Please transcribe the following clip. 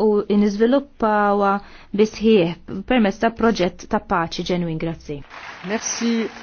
u nizviluppawa bisħieħ permezz ta' proġett ta' paċi ġenwin. Grazzi. Merci.